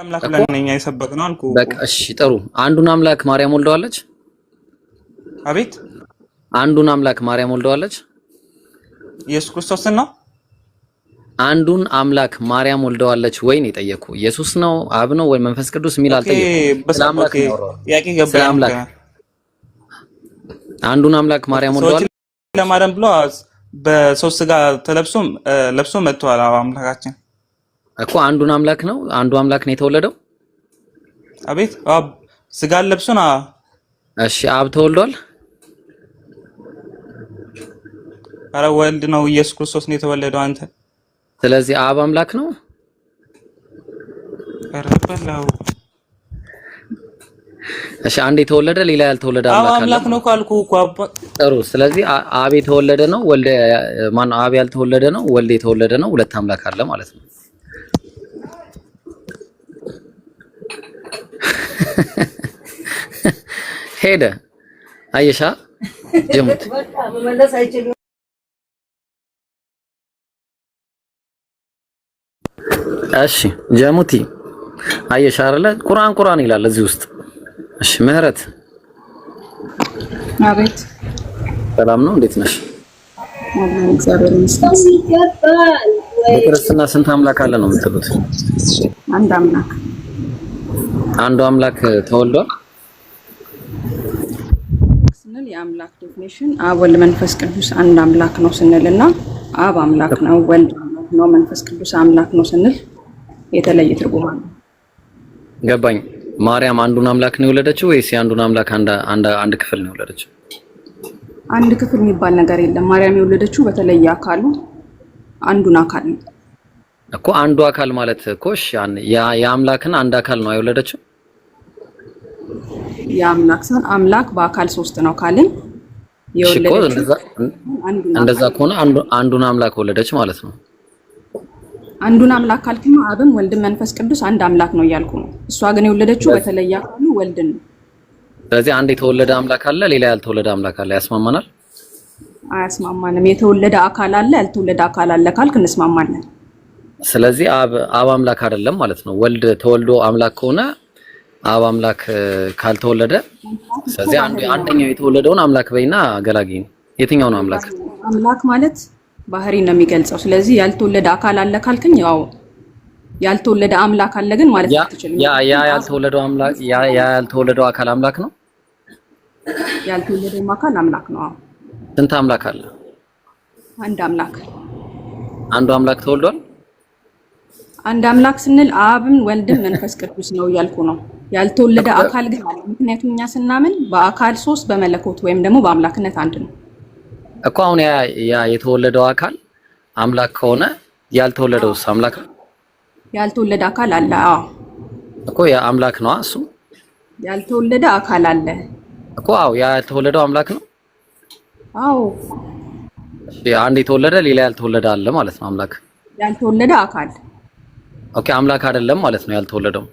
አምላክ ብለን እኛ አልኩ። በቃ እሺ፣ ጥሩ። አንዱን አምላክ ማርያም ወልደዋለች። አቤት፣ አንዱን አምላክ ማርያም ወልደዋለች። ኢየሱስ ክርስቶስን ነው። አንዱን አምላክ ማርያም ወልደዋለች ወይ ነው የጠየኩ። ኢየሱስ ነው፣ አብ ነው ወይ መንፈስ ቅዱስ የሚል ስለ አምላክ አንዱን አምላክ ማርያም ወልደዋለች ለማርያም ብሎ በሶስት ስጋ ተለብሶም ለብሶ መጥቷል አምላካችን እኮ አንዱን አምላክ ነው አንዱ አምላክ ነው የተወለደው። አቤት አብ ስጋን ለብሶና። እሺ አብ ተወልዷል? አረ ወልድ ነው ኢየሱስ ክርስቶስ ነው የተወለደው። አንተ ስለዚህ አብ አምላክ ነው። ረበላው እሺ አንድ የተወለደ ሌላ ያልተወለደ አምላክ አለ። አምላክ ነው ካልኩ እኮ አባ ጥሩ። ስለዚህ አብ የተወለደ ነው ወልድ ማነው? አብ ያልተወለደ ነው ወልድ የተወለደ ነው። ሁለት አምላክ አለ ማለት ነው። ሄደ። አየሻ ጀሙት እሺ ጀሙቲ አየሻ አይደለ? ቁርአን ቁርአን ይላል እዚህ ውስጥ። እሺ ምህረት፣ አቤት። ሰላም ነው? እንዴት ነሽ? በክርስትና ስንት አምላክ አለ ነው የምትሉት? አንድ አምላክ አንዱ አምላክ ተወልዷል ስንል የአምላክ ዴፊኒሽን አብ ወልድ መንፈስ ቅዱስ አንድ አምላክ ነው ስንል እና አብ አምላክ ነው፣ ወልድ አምላክ ነው፣ መንፈስ ቅዱስ አምላክ ነው ስንል የተለየ ትርጉም አለው። ገባኝ። ማርያም አንዱን አምላክ ነው የወለደችው ወይስ የአንዱን አምላክ አንድ ክፍል ነው የወለደችው? አንድ ክፍል የሚባል ነገር የለም። ማርያም የወለደችው በተለየ አካሉ አንዱን አካል ነው። እኮ አንዱ አካል ማለት እኮ እሺ፣ የአምላክን አንድ አካል ነው አይወለደችው? የአምላክ ሳን አምላክ በአካል ሶስት ነው ካልን የወለደችው እንደዛ ከሆነ አንዱን አምላክ ወለደች ማለት ነው። አንዱን አምላክ ካልክማ አብም ወልድም መንፈስ ቅዱስ አንድ አምላክ ነው እያልኩ ነው። እሷ ግን የወለደችው በተለየ አካሉ ወልድን ነው። ስለዚህ አንድ የተወለደ አምላክ አለ፣ ሌላ ያልተወለደ አምላክ አለ። ያስማማናል? አያስማማንም። የተወለደ አካል አለ፣ ያልተወለደ አካል አለ ካልክ እንስማማለን። ስለዚህ አብ አምላክ አይደለም ማለት ነው። ወልድ ተወልዶ አምላክ ከሆነ አብ አምላክ ካልተወለደ፣ ስለዚህ አንድ አንደኛው የተወለደውን አምላክ በይና ገላጊ የትኛው ነው አምላክ? አምላክ ማለት ባህሪ ነው የሚገልጸው። ስለዚህ ያልተወለደ አካል አለ ካልከኝ፣ ያው ያልተወለደ አምላክ አለ ግን ማለት ነው። ያ ያ ያልተወለደው አምላክ ያ ያልተወለደው አካል አምላክ ነው። ያልተወለደው አካል አምላክ ነው። ስንት አምላክ አለ? አንድ አምላክ። አንዱ አምላክ ተወልዷል። አንድ አምላክ ስንል አብም ወልድም መንፈስ ቅዱስ ነው እያልኩ ነው። ያልተወለደ አካል ግን አለ። ምክንያቱም እኛ ስናምን በአካል ሶስት፣ በመለኮት ወይም ደግሞ በአምላክነት አንድ ነው እኮ። አሁን ያ የተወለደው አካል አምላክ ከሆነ ያልተወለደውስ አምላክ ነው? ያልተወለደ አካል አለ። አዎ እኮ ያ አምላክ ነው። እሱ ያልተወለደ አካል አለ እኮ። አዎ ያ ያልተወለደው አምላክ ነው። አዎ አንድ የተወለደ ሌላ ያልተወለደ አለ ማለት ነው። አምላክ ያልተወለደ አካል ኦኬ አምላክ አይደለም ማለት ነው ያልተወለደው።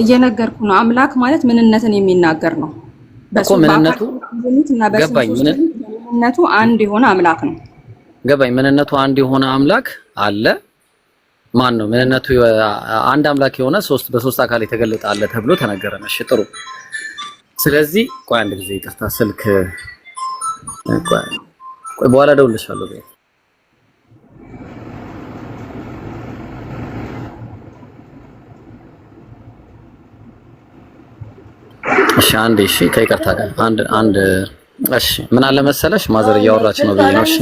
እየነገርኩ ነው። አምላክ ማለት ምንነትን የሚናገር ነው። በሱ ምንነቱ ገባኝ። ምንነቱ አንድ የሆነ አምላክ ነው። ገባኝ። ምንነቱ አንድ የሆነ አምላክ አለ። ማን ነው ምንነቱ? አንድ አምላክ የሆነ ሶስት በሶስት አካል የተገለጠ አለ ተብሎ ተነገረ ነው ጥሩ። ስለዚህ ቆይ አንድ ጊዜ ይቅርታ፣ ስልክ ቆይ፣ በኋላ እደውልልሻለሁ። እሺ አንዴ እሺ፣ ከይቅርታ ጋር አንድ አንድ እሺ፣ ምን አለ መሰለሽ ማዘር እያወራች ነው ብዬ ነው። እሺ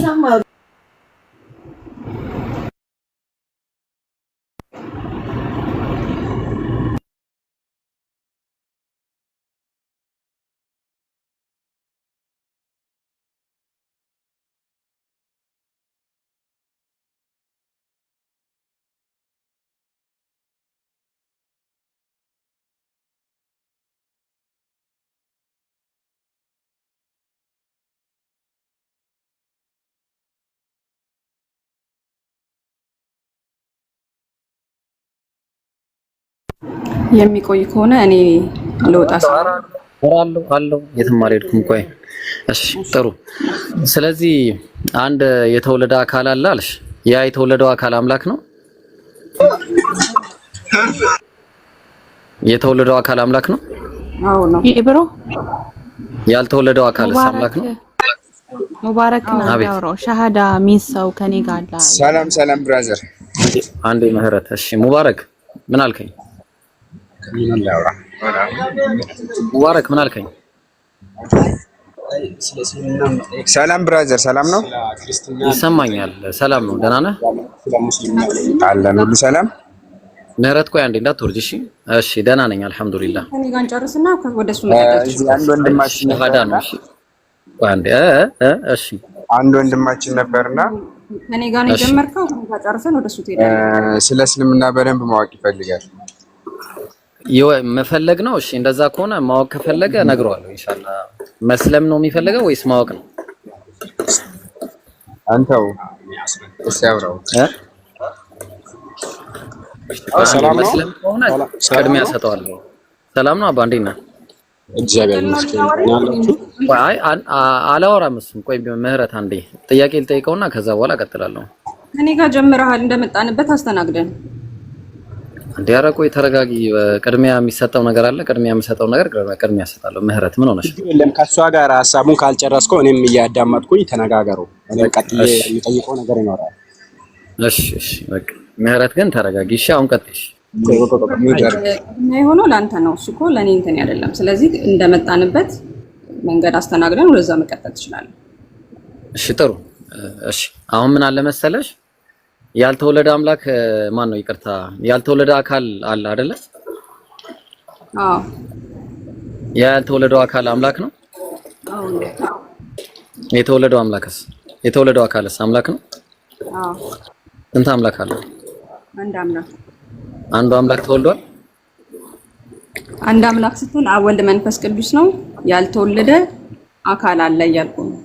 የሚቆይ ከሆነ እኔ ልወጣ አለው አለው የትም አልሄድኩም። ቆይ እሺ፣ ጥሩ። ስለዚህ አንድ የተወለደ አካል አለ አለሽ። ያ የተወለደው አካል አምላክ ነው። የተወለደው አካል አምላክ ነው። አዎ ነው። ይብሮ ያልተወለደው አካል አምላክ ነው። ሙባረክ ነው ያወራው። ሻሃዳ ሚን ሰው ከኔ ጋር አለ። ሰላም ሰላም፣ ብራዘር አንዴ ምህረት። እሺ ሙባረክ ምን አልከኝ? ሙባረክ ምን አልከኝ? ሰላም ብራዘር፣ ሰላም ነው ይሰማኛል። ሰላም ነው፣ ደህና ነህ? አለን ሁሉ ሰላም። ምህረት ቆይ አንዴ እንዳትወርጅ እሺ። እሺ ደህና ነኝ አልሐምዱሊላህ። አንድ ወንድማችን ነበርና እኔ ጋር ነው የጀመርከው፣ ጨርሰን ወደ እሱ ትሄዳለህ። ስለ እስልምና በደንብ ማወቅ ይፈልጋል። መፈለግ ነው። እሺ እንደዛ ከሆነ ማወቅ ከፈለገ እነግረዋለሁ ኢንሻአላህ። መስለም ነው የሚፈልገው ወይስ ማወቅ ነው? አንተው እስኪ አውራው እ መስለም ከሆነ ቅድሚያ ሰጠዋለሁ። ሰላም ነው አባ፣ እንዴት ነህ? እግዚአብሔር ይመስገን። አይ አላወራም። እሱም ቆይ ምህረት፣ አንዴ ጥያቄ ልጠይቀውና ከዛ በኋላ እቀጥላለሁ። እኔ ጋር ጀምረሃል እንደመጣንበት አስተናግደን እንዴ ኧረ ቆይ ተረጋጊ። ቅድሚያ የሚሰጠው ነገር አለ። ቅድሚያ የምሰጠው ነገር ቅድሚያ እሰጣለሁ። ምህረት ምን ሆነሽ? የለም ከእሷ ጋር ሀሳቡን ካልጨረስከው እኔም እያዳመጥኩኝ ተነጋገሩ። እኔም ቀጥዬ የሚጠይቀው ነገር ይኖራል። እሺ እሺ በቃ ምህረት ግን ተረጋጊ። እሺ አሁን ቀጥይሽ። የሆነው ለአንተ ነው እሱ እኮ ለእኔ እንትን አይደለም። ስለዚህ እንደመጣንበት መንገድ አስተናግደን ወደዛ መቀጠል ትችላለህ። እሺ ጥሩ። እሺ አሁን ምን አለ መሰለሽ ያልተወለደ አምላክ ማን ነው? ይቅርታ ያልተወለደ አካል አለ አይደለ? አዎ። ያ ያልተወለደው አካል አምላክ ነው? አዎ። የተወለደው አምላክስ የተወለደው አካልስ አምላክ ነው? አዎ። ስንት አምላክ አለ? አንድ አምላክ። አንዱ አምላክ ተወልዷል? አንድ አምላክ ስትሆን አብ፣ ወልድ፣ መንፈስ ቅዱስ ነው። ያልተወለደ አካል አለ እያልኩ ነው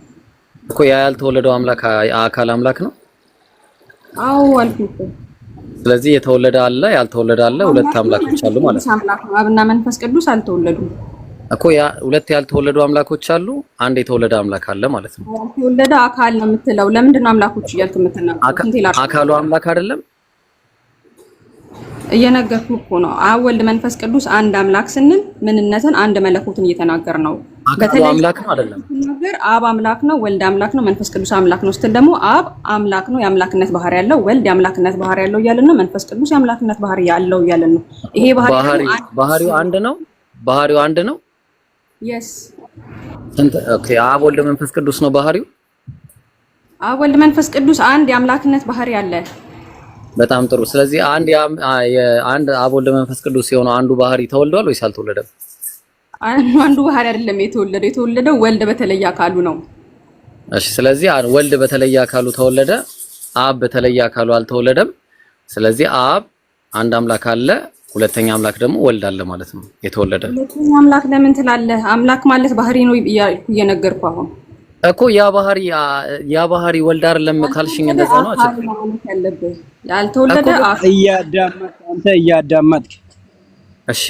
እኮ። ያ ያልተወለደው አምላክ አካል አምላክ ነው? አዎ አልኩኝ። ስለዚህ የተወለደ አለ ያልተወለደ አለ። ሁለት አምላኮች አሉ ማለት ነው። አብና መንፈስ ቅዱስ አልተወለዱም እኮ ያ ሁለት ያልተወለዱ አምላኮች አሉ፣ አንድ የተወለደ አምላክ አለ ማለት ነው። የተወለደ አካል ነው የምትለው። ለምንድን ነው አምላኮች እያልክ የምትናገረው? አካሉ አምላክ አይደለም እየነገርኩ እኮ ነው። አብ ወልድ መንፈስ ቅዱስ አንድ አምላክ ስንል ምንነትን አንድ መለኮትን እየተናገር ነው። አምላክ ነው አይደለም ነገር አብ አምላክ ነው፣ ወልድ አምላክ ነው፣ መንፈስ ቅዱስ አምላክ ነው ስትል ደግሞ አብ አምላክ ነው የአምላክነት ባህሪ ያለው፣ ወልድ የአምላክነት ባህሪ ያለው እያልን ነው፣ መንፈስ ቅዱስ የአምላክነት ባህሪ ያለው እያልን ነው። ይሄ ባህሪ ባህሪው አንድ ነው። ባህሪው አንድ ነው። የስ ኦኬ። አብ ወልድ መንፈስ ቅዱስ ነው ባህሪው። አብ ወልድ መንፈስ ቅዱስ አንድ የአምላክነት ባህሪ አለ። በጣም ጥሩ። ስለዚህ አንድ አንድ አብ ወልድ መንፈስ ቅዱስ የሆነው አንዱ ባህሪ ተወልዷል ወይስ አልተወለደም? አንዱ ባህሪ አይደለም የተወለደው። የተወለደው ወልድ በተለየ አካሉ ነው። እሺ። ስለዚህ ወልድ በተለየ አካሉ ተወለደ፣ አብ በተለየ አካሉ አልተወለደም። ስለዚህ አብ አንድ አምላክ አለ፣ ሁለተኛ አምላክ ደግሞ ወልድ አለ ማለት ነው። የተወለደ ሁለተኛ አምላክ ለምን ትላለህ? አምላክ ማለት ባህሪ ነው እያልኩ እየነገርኩህ አሁን እኮ ያ ባህሪ ያ ባህሪ ወልድ አይደለም ካልሽኝ እንደዛ ነው። አጭ ያልተወለደ እያዳመጥክ አንተ እያዳመጥክ እሺ፣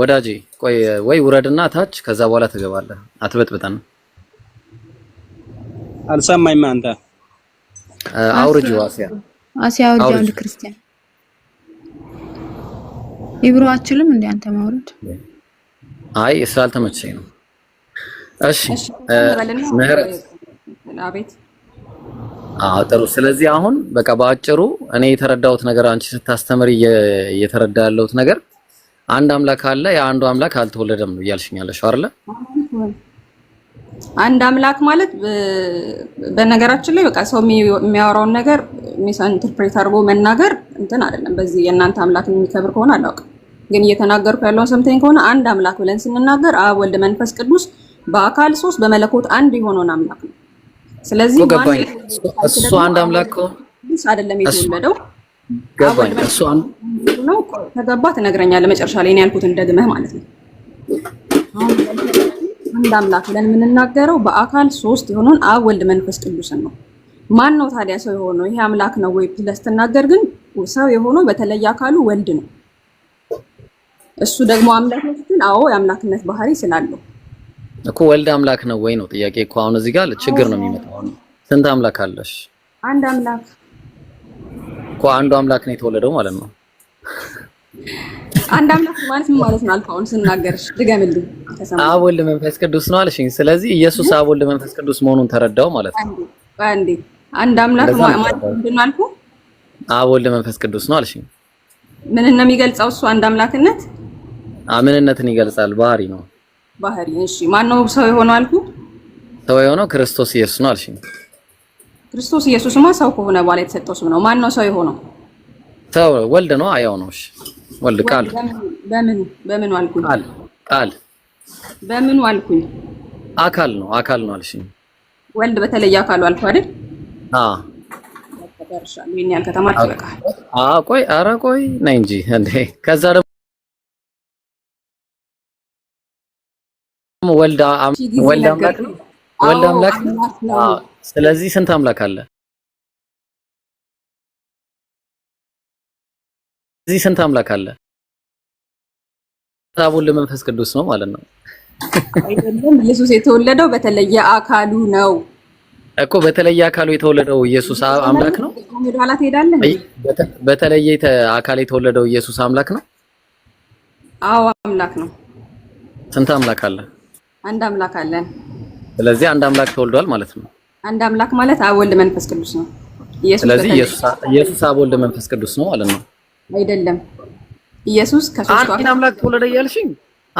ወዳጄ ቆይ ወይ ውረድና ታች፣ ከዛ በኋላ ትገባለህ። አትበጥብጠን። አልሰማኝም። አንተ አውርጂው። ዋሲያ አሲያ አውርጂው። አንድ ክርስቲያን ይብሮ አችልም እንዴ አንተ ማውረድ? አይ ስላልተመቸኝ ነው እሺ አዎ ጥሩ። ስለዚህ አሁን በቃ በአጭሩ እኔ የተረዳሁት ነገር አንቺ ስታስተምር እየተረዳ ያለሁት ነገር አንድ አምላክ አለ፣ የአንዱ አምላክ አልተወለደም ነው እያልሽኝ ያለሽው አይደለ? አንድ አምላክ ማለት በነገራችን ላይ በቃ ሰው የሚያወራውን ነገር ሚስ ኢንተርፕሬት አድርጎ መናገር እንትን አይደለም። በዚህ የእናንተ አምላክ የሚከብር ከሆነ አላውቅም፣ ግን እየተናገርኩ ያለውን ሰምተኝ ከሆነ አንድ አምላክ ብለን ስንናገር አብ፣ ወልድ፣ መንፈስ ቅዱስ በአካል ሶስት በመለኮት አንድ የሆነውን አምላክ ነው። ስለዚህ እሱ አንድ አምላክ አይደለም የተወለደው ነው። ከገባ ትነግረኛለህ መጨረሻ ላይ ያልኩትን ደግመህ ማለት ነው። አንድ አምላክ ብለን የምንናገረው በአካል ሶስት የሆነውን አብ፣ ወልድ፣ መንፈስ ቅዱስን ነው። ማን ነው ታዲያ ሰው የሆነው? ይሄ አምላክ ነው ወይ ስትናገር ግን ሰው የሆነው በተለየ አካሉ ወልድ ነው። እሱ ደግሞ አምላክ ነው ስትል አዎ የአምላክነት ባህሪ ስላለው እኮ ወልድ አምላክ ነው ወይ ነው ጥያቄ እኮ። አሁን እዚህ ጋር ችግር ነው የሚመጣው። ስንት አምላክ አለሽ? አንድ አምላክ እኮ። አንዱ አምላክ ነው የተወለደው ማለት ነው። አንድ አምላክ ማለት ምን ማለት ነው? አልፋውን ስናገርሽ ድገምልኝ። አብ ወልድ መንፈስ ቅዱስ ነው አለሽኝ። ስለዚህ ኢየሱስ አብ ወልድ መንፈስ ቅዱስ መሆኑን ተረዳው ማለት ነው። አንዴ አንድ አምላክ ማለት ነው አልኩ። አብ ወልድ መንፈስ ቅዱስ ነው አለሽኝ። ምን ነው የሚገልጸው እሱ? አንድ አምላክነት ምንነትን ይገልጻል። ባህሪ ነው ባህሪ። እሺ ማነው ሰው የሆነው አልኩ? ሰው የሆነው ክርስቶስ ኢየሱስ ነው አልሽኝ። ክርስቶስ ኢየሱስማ ሰው ከሆነ በኋላ የተሰጠው ስም ነው። ማነው ሰው የሆነው? ሰው ወልድ ነው። አያው ነው። እሺ ወልድ ቃል በምኑ በምኑ አልኩኝ? ቃል ቃል በምኑ አልኩኝ? አካል ነው አካል ነው አልሽኝ። ወልድ በተለየ አካሉ አልኩ አይደል? አዎ ቆይ ኧረ ቆይ ነይ እንጂ እንዴ! ከዛ ደግሞ ወልድ አምላክ ነው። ወልድ አምላክ ነው። ስለዚህ ስንት አምላክ አለ? እዚህ ስንት አምላክ አለ? አቡን ለመንፈስ ቅዱስ ነው ማለት ነው አይደለም? ኢየሱስ የተወለደው በተለየ አካሉ ነው እኮ። በተለየ አካሉ የተወለደው ኢየሱስ አምላክ ነው። በተለየ አካል የተወለደው ኢየሱስ አምላክ ነው። አዎ አምላክ ነው። ስንት አምላክ አለ? አንድ አምላክ አለን። ስለዚህ አንድ አምላክ ተወልዷል ማለት ነው። አንድ አምላክ ማለት አብ፣ ወልድ፣ መንፈስ ቅዱስ ነው። ስለዚህ ኢየሱስ አብ፣ ወልድ፣ መንፈስ ቅዱስ ነው ማለት ነው። አይደለም ኢየሱስ ከሶስቱ አንድ አምላክ ተወለደ እያልሽኝ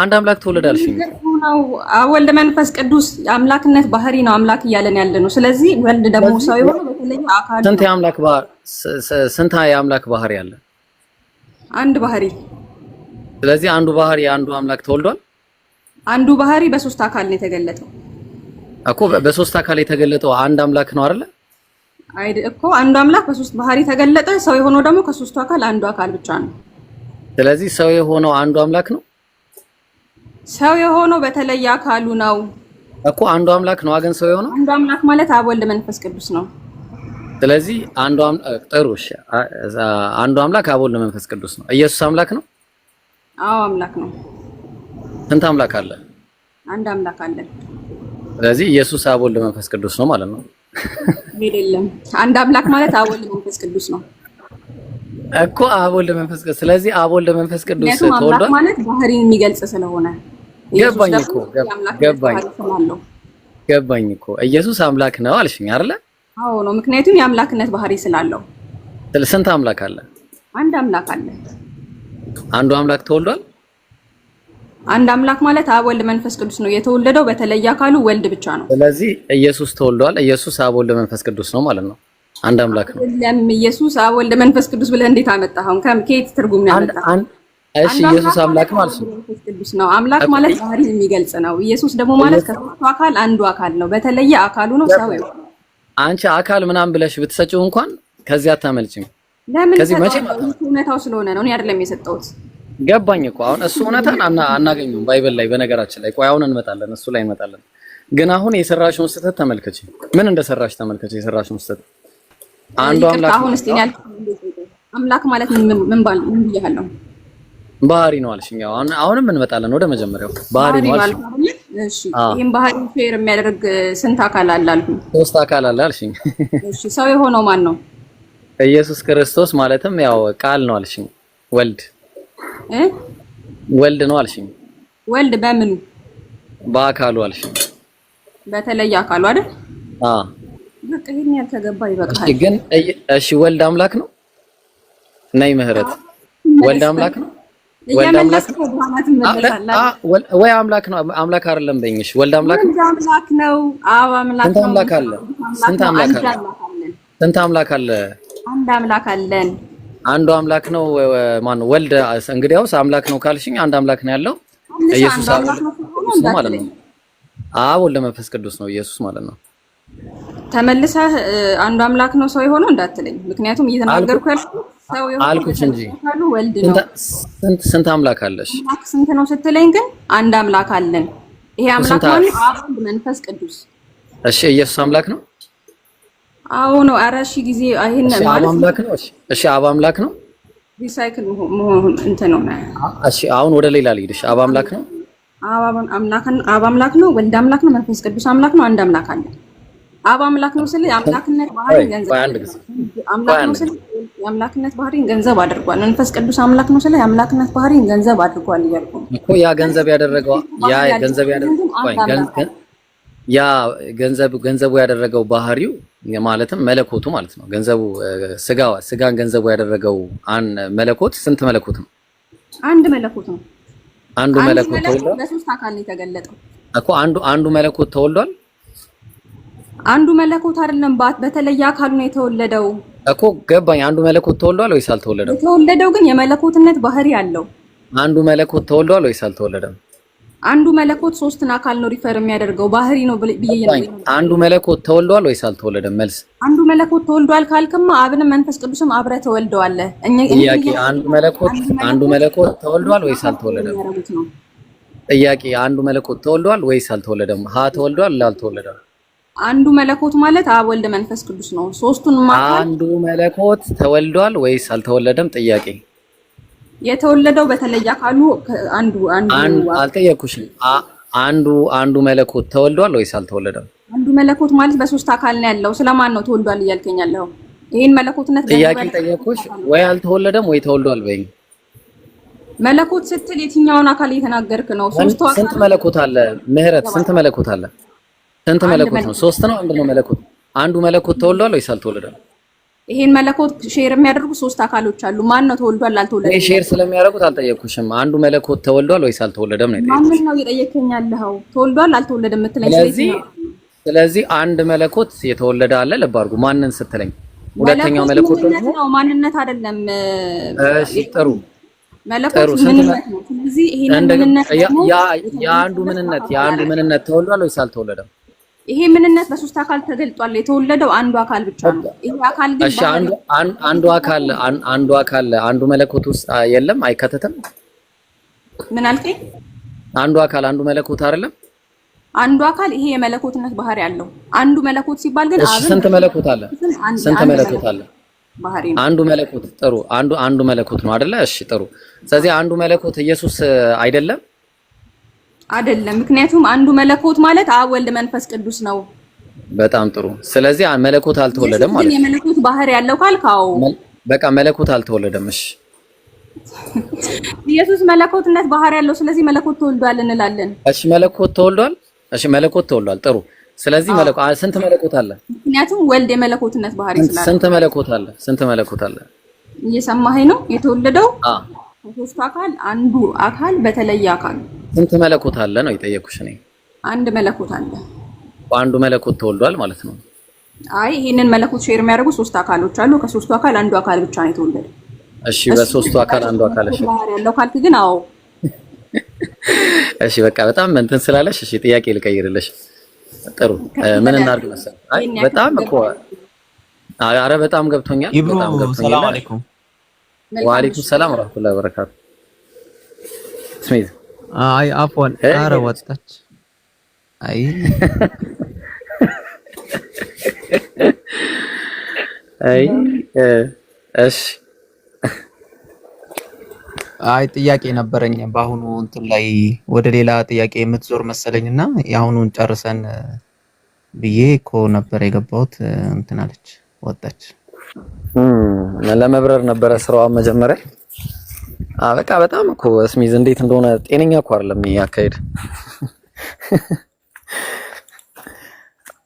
አንድ አምላክ ተወለደ አልሽኝ ነው። አብ፣ ወልድ፣ መንፈስ ቅዱስ አምላክነት ባህሪ ነው። አምላክ እያለን ያለ ነው። ስለዚህ ወልድ ደግሞ ሰው የሆነ በተለይ አካል ስንት የአምላክ ባህር ስንት የአምላክ ባህሪ አለ? አንድ ባህሪ። ስለዚህ አንዱ ባህሪ አንዱ አምላክ ተወልዷል አንዱ ባህሪ በሶስት አካል ነው የተገለጠው እኮ በሶስት አካል የተገለጠው አንድ አምላክ ነው አይደለ? አይደ እኮ አንዱ አምላክ በሶስት ባህሪ ተገለጠ። ሰው የሆነው ደግሞ ከሶስቱ አካል አንዱ አካል ብቻ ነው። ስለዚህ ሰው የሆነው አንዱ አምላክ ነው። ሰው የሆነው በተለየ አካሉ ነው እኮ አንዱ አምላክ ነው። አገን ሰው የሆነው አንዱ አምላክ ማለት አብ ወልድ መንፈስ ቅዱስ ነው። ስለዚህ አንዱ አምላክ ጥሩ። እሺ አንዱ አምላክ አብ ወልድ መንፈስ ቅዱስ ነው። ኢየሱስ አምላክ ነው። አዎ አምላክ ነው። ስንት አምላክ አለ? አንድ አምላክ አለ። ስለዚህ ኢየሱስ አብ ወልድ መንፈስ ቅዱስ ነው ማለት ነው። አይደለም። አንድ አምላክ ማለት አብ ወልድ መንፈስ ቅዱስ ነው እኮ አብ ወልድ መንፈስ ቅዱስ። ስለዚህ አብ ወልድ መንፈስ ቅዱስ ተወልዶ ማለት ባህሪን የሚገልጽ ስለሆነ ገባኝ እኮ ገባኝ ገባኝ እኮ ኢየሱስ አምላክ ነው አልሽኝ አይደለ? አዎ ነው። ምክንያቱም የአምላክነት ባህሪ ስላለው። ስንት አምላክ አለ? አንድ አምላክ አለ። አንዱ አምላክ ተወልዷል። አንድ አምላክ ማለት አብ ወልድ መንፈስ ቅዱስ ነው። የተወለደው በተለየ አካሉ ወልድ ብቻ ነው። ስለዚህ ኢየሱስ ተወልዷል። ኢየሱስ አብ ወልድ መንፈስ ቅዱስ ነው ማለት ነው። አንድ አምላክ ነው። ለምን ኢየሱስ አብ ወልድ መንፈስ ቅዱስ ብለህ እንዴት አመጣኸው? ከየት ትርጉም ነው ያመጣኸው? እሺ ኢየሱስ አምላክ ማለት መንፈስ ቅዱስ ነው። አምላክ ማለት ባህሪ የሚገልጽ ነው። ኢየሱስ ደግሞ ማለት ከሦስቱ አካል አንዱ አካል ነው። በተለየ አካሉ ነው ሰው። አንቺ አካል ምናምን ብለሽ ብትሰጪው እንኳን ከዚህ አታመልጭም። ለምን? ከዚህ መቼ እውነታው ስለሆነ ነው። እኔ አይደለም የሰጠሁት ገባኝ እኮ አሁን እሱ እውነታን አናገኘውም ባይብል ላይ በነገራችን ላይ ቆይ አሁን እንመጣለን እሱ ላይ እንመጣለን ግን አሁን የሰራሽውን ስህተት ተመልከች ምን እንደሰራሽ ተመልከች የሰራሽውን ስህተት አንዱ አምላክ አሁን እስቲ አምላክ ማለት ምን ምን ባል ምን ይያለው ባህሪ ነው አልሽኝ አሁን አሁንም እንመጣለን ወደ መጀመሪያው ባህሪ ነው አልሽኝ እሺ ይሄን ባህሪ ፌር የሚያደርግ ስንት አካል አለ አልኩኝ ሶስት አካል አለ አልሽኝ እሺ ሰው የሆነው ማን ነው ኢየሱስ ክርስቶስ ማለትም ያው ቃል ነው አልሽኝ ወልድ ወልድ ነው አልሽኝ። ወልድ በምኑ በአካሉ አልሽኝ። በተለየ አካሉ አይደል? አ በቃ ይሄን ያልተገባ ይበቃል። ግን እሺ ወልድ አምላክ ነው? ናይ ምህረት ወልድ አምላክ ነው? ወልድ አምላክ ነው ወይ አምላክ ነው? አምላክ አይደለም በይኝሽ። ወልድ አምላክ ነው? አምላክ ነው። አዎ አምላክ ነው። ስንት አምላክ አለ? ስንት አምላክ አለ? አንድ አምላክ አለን። አንዱ አምላክ ነው ማን ወልድ እንግዲያውስ አምላክ ነው ካልሽኝ አንድ አምላክ ነው ያለው ኢየሱስ ማለት ነው። አብ ወልድ መንፈስ ቅዱስ ነው ኢየሱስ ማለት ነው። ተመልሰህ አንዱ አምላክ ነው ሰው የሆነው እንዳትለኝ፣ ምክንያቱም እየተናገርኩ ያልኩህ ሰው አልኩሽ እንጂ ወልድ ነው። ስንት አምላክ አለሽ? ስንት ነው ስትለኝ ግን አንድ አምላክ አለን። ይሄ አምላክ ማለት አብ ወልድ መንፈስ ቅዱስ። እሺ ኢየሱስ አምላክ ነው አዎ ነው። ኧረ እሺ ጊዜ ይሄን ማለት አምላክ ነው። እሺ እሺ፣ አብ አምላክ ነው። ሪሳይክል መሆኑን እንትን ነው። እሺ አሁን ወደ ሌላ ልሂድ። እሺ አብ አምላክ ነው። አብ አምላክ ነው። ወልድ አምላክ ነው። መንፈስ ቅዱስ አምላክ ነው። አንድ አምላክ አለ። አብ አምላክ ነው ስለ የአምላክነት ባህሪ ገንዘብ አምላክ ነው ስለ የአምላክነት ባህሪን ገንዘብ አድርጓል። መንፈስ ቅዱስ አምላክ ነው ስለ የአምላክነት ባህሪን ገንዘብ አድርጓል እያልኩ እኮ ያ ገንዘብ ያደረገው ያ ገንዘብ ያደረገው ያ ገንዘብ ገንዘቡ ያደረገው ባህሪው ማለትም መለኮቱ ማለት ነው። ገንዘቡ ስጋ ስጋን ገንዘቡ ያደረገው አን መለኮት ስንት መለኮት ነው? አንድ መለኮት ነው። አንዱ መለኮት ተወልዷል። በሶስት አካል ነው የተገለጠው እኮ አንዱ አንዱ መለኮት ተወልዷል። አንዱ መለኮት አይደለም በተለየ አካል ነው የተወለደው እኮ ገባኝ። አንዱ መለኮት ተወልዷል ወይስ አልተወለደም? የተወለደው ግን የመለኮትነት ባህሪ አለው። አንዱ መለኮት ተወልዷል ወይስ አልተወለደም? አንዱ መለኮት ሶስትን አካል ነው ሪፈር የሚያደርገው ባህሪ ነው ብዬ ነው። አንዱ መለኮት ተወልዷል ወይስ አልተወለደም? መልስ አንዱ መለኮት ተወልዷል ካልክማ አብንም መንፈስ ቅዱስም አብረ አብረህ ተወልደዋለህ። አንዱ መለኮት አንዱ መለኮት ተወልዷል ወይስ አልተወለደም? ጥያቄ አንዱ መለኮት ተወልዷል ወይስ አልተወለደም? ሀ ተወልዷል ላልተወለደም አንዱ መለኮት ማለት አብ ወልድ መንፈስ ቅዱስ ነው። ሶስቱን አንዱ መለኮት ተወልዷል ወይስ አልተወለደም? ጥያቄ የተወለደው በተለየ አካሉ አንዱ አንዱ አልጠየኩሽም። አንዱ አንዱ መለኮት ተወልዷል ወይስ አልተወለደም? አንዱ መለኮት ማለት በሶስት አካል ነው ያለው። ስለማን ነው ተወልዷል እያልከኝ ያለው? ይሄን መለኮትነት ጥያቄ ጠየኩሽ። ወይ አልተወለደም ወይ ተወልዷል በይኝ። መለኮት ስትል የትኛውን አካል እየተናገርክ ነው? ሶስት አካል ስንት መለኮት አለ? ምህረት ስንት መለኮት አለ? ስንት መለኮት ነው? ሶስት ነው። አንድ ነው መለኮት። አንዱ መለኮት ተወልዷል ወይስ አልተወለደም? ይሄን መለኮት ሼር የሚያደርጉ ሶስት አካሎች አሉ። ማን ነው ተወልዷል አልተወለደም? ይሄ ሼር ስለሚያደርጉት አልጠየቅኩሽም። አንዱ መለኮት ተወልዷል ወይስ አልተወለደም ነው የጠየቅኩሽ። ማን ነው እየጠየከኝ ያለኸው? ተወልዷል አልተወለደም የምትለኝ ስለዚህ ስለዚህ አንድ መለኮት የተወለደ አለ። ልብ ማንን ስትለኝ፣ ሁለተኛው መለኮት ደግሞ ማንነት አይደለም። እሺ ጥሩ መለኮት ምንነት ነው። ስለዚህ ይሄን ምንነት ያ ያ አንዱ ምንነት ያ አንዱ ምንነት ተወልዷል ወይስ አልተወለደም? ይሄ ምንነት በሶስት አካል ተገልጧል። የተወለደው አንዱ አካል ብቻ ነው። ይሄ አካል ግን እሺ፣ አንዱ አንዱ አካል አንዱ አካል አንዱ መለኮት ውስጥ የለም አይካተትም። ምን አልከኝ? አንዱ አካል አንዱ መለኮት አይደለም። አንዱ አካል ይሄ የመለኮትነት ባህሪ ያለው አንዱ መለኮት ሲባል ግን እሺ፣ ስንት መለኮት አለ? ስንት መለኮት አለ? ባህሪ ነው። አንዱ መለኮት ጥሩ። አንዱ አንዱ መለኮት ነው አይደለ? እሺ፣ ጥሩ። ስለዚህ አንዱ መለኮት ኢየሱስ አይደለም አይደለም። ምክንያቱም አንዱ መለኮት ማለት አብ፣ ወልድ፣ መንፈስ ቅዱስ ነው። በጣም ጥሩ። ስለዚህ መለኮት አልተወለደም ማለት ነው። የመለኮት ባህር ያለው ካልካው በቃ መለኮት አልተወለደም። እሺ ኢየሱስ መለኮትነት ባህር ያለው ስለዚህ መለኮት ተወልዷል እንላለን። እሺ መለኮት ተወልዷል። እሺ መለኮት ተወልዷል። ጥሩ። ስለዚህ መለኮት ስንት መለኮት አለ? ምክንያቱም ወልድ የመለኮትነት ባህሪ ስላለ ስንት መለኮት አለ? ስንት መለኮት አለ? እየሰማኸኝ ነው? የተወለደው ከሶስቱ አካል አንዱ አካል በተለየ አካል ስንት መለኮት አለ ነው የጠየኩሽ እኔ። አንድ መለኮት አለ። በአንዱ መለኮት ተወልዷል ማለት ነው። አይ ይህንን መለኮት ሼር የሚያደርጉ ሶስት አካሎች አሉ። ከሶስቱ አካል አንዱ አካል ብቻ ነው የተወለደ። እሺ፣ በሶስቱ አካል አንዱ አካል እሺ፣ ባህሪ ያለው ካልክ ግን አዎ። እሺ፣ በቃ በጣም እንትን ስላለሽ፣ እሺ፣ ጥያቄ ልቀይርልሽ። ጥሩ ምን እናድርግ መሰለኝ። አይ በጣም እኮ አረ በጣም ገብቶኛል። በጣም ገብቶኛል። ወአለይኩም ሰላም ወራህመቱላሂ ወበረካቱ። ስሜት አይ አፏን አረ ወጣች። አይ አይ እሺ አይ ጥያቄ ነበረኝ በአሁኑ እንትን ላይ ወደ ሌላ ጥያቄ የምትዞር መሰለኝ እና የአሁኑን ጨርሰን ብዬ እኮ ነበር የገባሁት። እንትን አለች ወጣች። ለመብረር ነበረ ስራዋ መጀመሪያ በቃ በጣም እኮ ስሚዝ እንዴት እንደሆነ ጤነኛ እኮ አይደለም ያካሄድ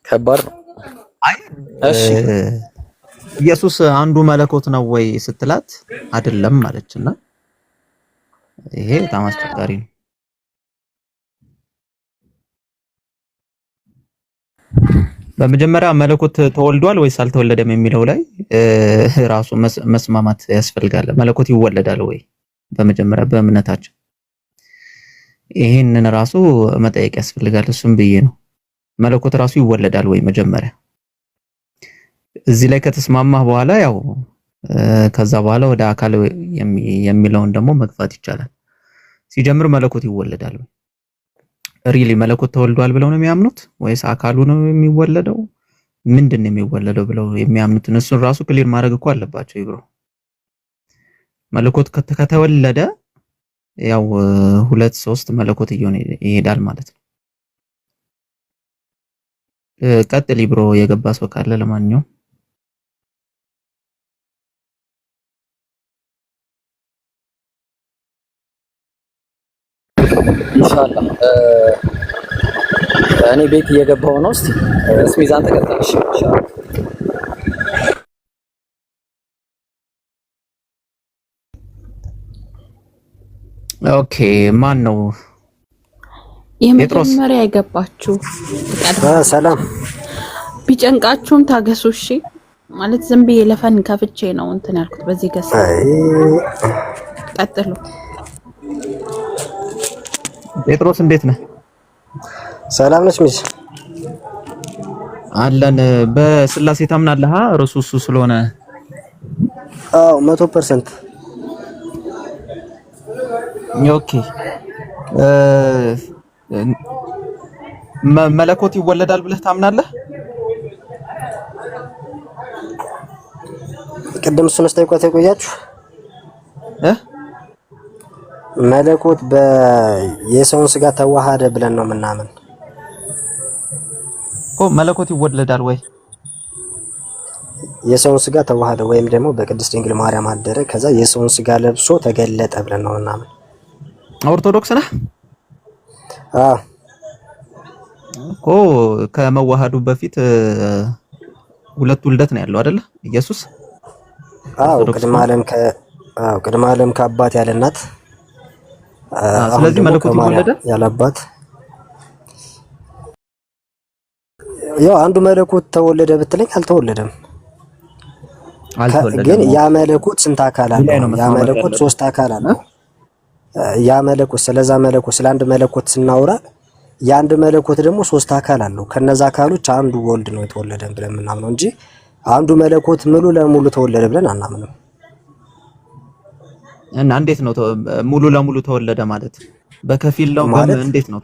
ከባድ ነው። አይ እሺ ኢየሱስ አንዱ መለኮት ነው ወይ ስትላት አይደለም ማለችና ይሄ በጣም አስቸጋሪ ነው። በመጀመሪያ መለኮት ተወልዷል ወይስ አልተወለደም የሚለው ላይ ራሱ መስማማት ያስፈልጋል። መለኮት ይወለዳል ወይ በመጀመሪያ በእምነታችን ይህንን ራሱ መጠየቅ ያስፈልጋል። እሱም ብዬ ነው መለኮት ራሱ ይወለዳል ወይ መጀመሪያ እዚህ ላይ ከተስማማህ በኋላ ያው ከዛ በኋላ ወደ አካል የሚለውን ደግሞ መግፋት ይቻላል። ሲጀምር መለኮት ይወለዳል ወይ ሪሊ መለኮት ተወልዷል ብለው ነው የሚያምኑት ወይስ አካሉ ነው የሚወለደው? ምንድን ነው የሚወለደው ብለው የሚያምኑትን እሱን ራሱ ክሊር ማድረግ እኮ አለባቸው ይብሮ መለኮት ከተወለደ ያው ሁለት ሶስት መለኮት እየሆነ ይሄዳል ማለት ነው። ቀጥ ሊብሮ የገባ ሰው ካለ ለማንኛውም ኢንሻአላህ እኔ ቤት እየገባሁ ነው። እስቲ ስሚዛን ተቀጣሽ ኢንሻአላህ ኦኬ ማን ነው የመጀመሪያ የገባችሁ? ሰላም ቢጨንቃችሁም ታገሱ። እሺ ማለት ዝም ብዬ ለፈን ከፍቼ ነው እንትን ያልኩት። በዚህ ገስ ቀጥሉ። ጴጥሮስ እንዴት ነህ? ሰላም ነች ሚስ አለን። በስላሴ ታምናለህ? እርሱ እሱ ስለሆነ አዎ፣ መቶ ፐርሰንት ኦኬ መለኮት ይወለዳል ብለህ ታምናለህ? ቅድም እሱ መስጠይቆት የቆያችሁ መለኮት የሰውን ስጋ ተዋሃደ ብለን ነው የምናምን መለኮት ይወለዳል ወይ የሰውን ስጋ ተዋሃደ ወይም ደግሞ በቅድስት ድንግል ማርያም አደረ ከዛ የሰውን ስጋ ለብሶ ተገለጠ ብለን ነው የምናምን ኦርቶዶክስ ነህ እኮ። ከመዋሃዱ በፊት ሁለት ውልደት ነው ያለው አይደለ? ኢየሱስ አዎ፣ ቅድመ ዓለም ከ አዎ፣ ቅድመ ዓለም ከአባት ያለ እናት። ስለዚህ መለኮት ወለደ ያለ አባት። ያው አንዱ መለኮት ተወለደ ብትለኝ አልተወለደም ግን ያ መለኮት ስንት አካል አለው? ያ መለኮት ሶስት አካል አለው። ያ መለኮት ስለዛ መለኮት ስለ አንድ መለኮት ስናወራ የአንድ መለኮት ደግሞ ሶስት አካል አለው። ከነዛ አካሎች አንዱ ወልድ ነው የተወለደን ብለን የምናምነው እንጂ አንዱ መለኮት ሙሉ ለሙሉ ተወለደ ብለን አናምንም። እና እንዴት ነው ሙሉ ለሙሉ ተወለደ ማለት? በከፊል ነው እንዴት ነው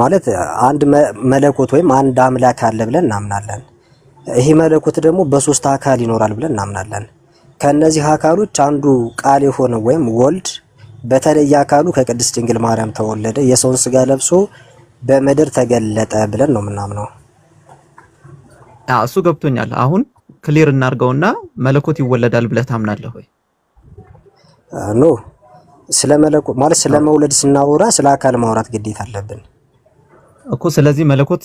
ማለት? አንድ መለኮት ወይም አንድ አምላክ አለ ብለን እናምናለን። ይሄ መለኮት ደግሞ በሶስት አካል ይኖራል ብለን እናምናለን። ከነዚህ አካሎች አንዱ ቃል የሆነ ወይም ወልድ በተለየ አካሉ ከቅድስት ድንግል ማርያም ተወለደ፣ የሰውን ስጋ ለብሶ በምድር ተገለጠ ብለን ነው የምናምነው። እሱ ገብቶኛል። አሁን ክሊር እናርገውና መለኮት ይወለዳል ብለህ ታምናለህ ወይ? ኖ ስለ መለኮት ማለት ስለ መውለድ ስናወራ ስለ አካል ማውራት ግዴታ አለብን እኮ። ስለዚህ መለኮት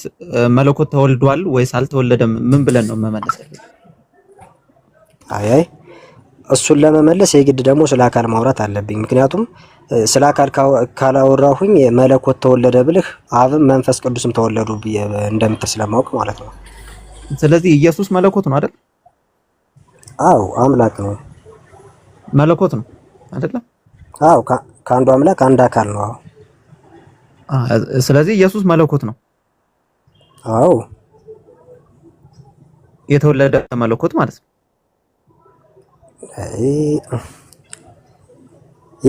መለኮት ተወልዷል ወይስ አልተወለደም ምን ብለን ነው መመለስ አይ አይ እሱን ለመመለስ የግድ ደግሞ ስለ አካል ማውራት አለብኝ። ምክንያቱም ስለ አካል ካላወራሁኝ መለኮት ተወለደ ብልህ አብም መንፈስ ቅዱስም ተወለዱ እንደምትል ስለማወቅ ማለት ነው። ስለዚህ ኢየሱስ መለኮት ነው አይደል? አዎ አምላክ ነው። መለኮት ነው አይደለም? አው ከአንዱ አምላክ አንድ አካል ነው። ስለዚህ ኢየሱስ መለኮት ነው። አው የተወለደ መለኮት ማለት ነው።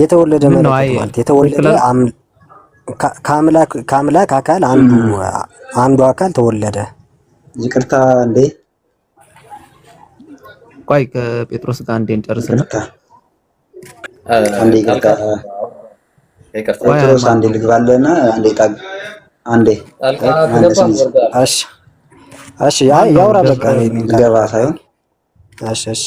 የተወለደ ማለት የተወለደ ከአምላክ አካል አንዱ አንዱ አካል ተወለደ። ይቅርታ እንዴ ቆይ ከጴጥሮስ ጋር እንዴ እንጨርስና አንዴ ይቅርታ ጴጥሮስ አንዴ ልግባለና አንዴ ጣግ አንዴ እሺ እሺ ያውራ በቃ ነው ሳይሆን እሺ እሺ